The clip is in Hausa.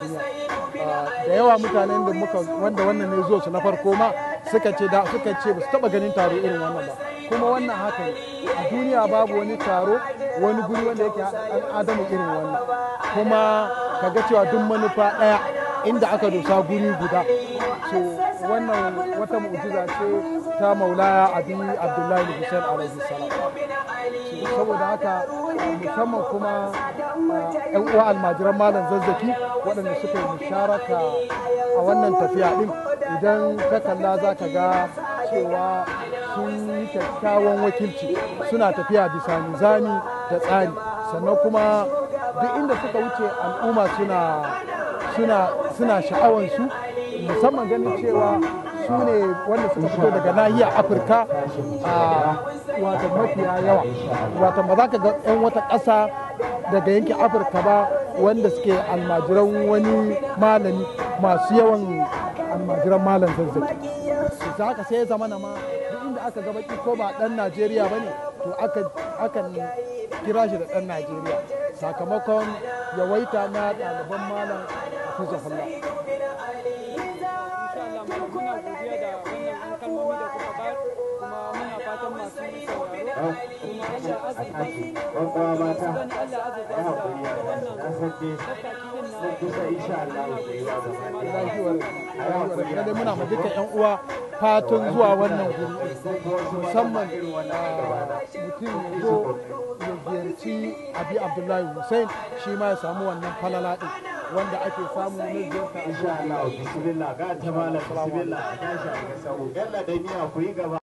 Ah, da yawa mutanen da muka wanda wannan ne zuwa su na farko ma suka ce da suka ce ba su taba ganin taro irin wannan ba kuma wannan haka ne a duniya babu wani taro wani guri wanda yake adamu irin wannan kuma kaga cewa duk manufa daya inda aka dosa guri guda so wannan wata mu'jiza ce ta maulaya abi abdullahi hussein alaihi salam saboda haka musamman kuma yan uwa almajiran malam zazzaki waɗanda suka yi musharaka a wannan tafiya ɗin idan ka kalla za ka ga cewa sun yi kyakkyawan wakilci suna tafiya bisa nizami da tsari sannan kuma duk inda suka wuce al'umma suna suna sha'awansu musamman ganin cewa su ne wanda suka fito daga nahiyar afirka a wata mafiya yawa wata ba za ka ga 'yan wata ƙasa daga yankin afirka ba wanda suke almajiran wani malami masu yawan almajiran malam zazzaki za ka sai zama na ma inda aka ga ko ba dan najeriya ba ne to aka kira shi da dan najeriya sakamakon yawaita na ɗaliban malam a hafizahullah a tashi ɗan uwa mata muna ma duka ƴan uwa fatan zuwa wannan guri musamman ah, mutum zo ziyarci abi abdullahi hussein shi ma ya samu wannan falala ɗin wanda ake samu na ziyarta insha Allah bismillah ga ta bismillah a ga sau da miya ku yi gaba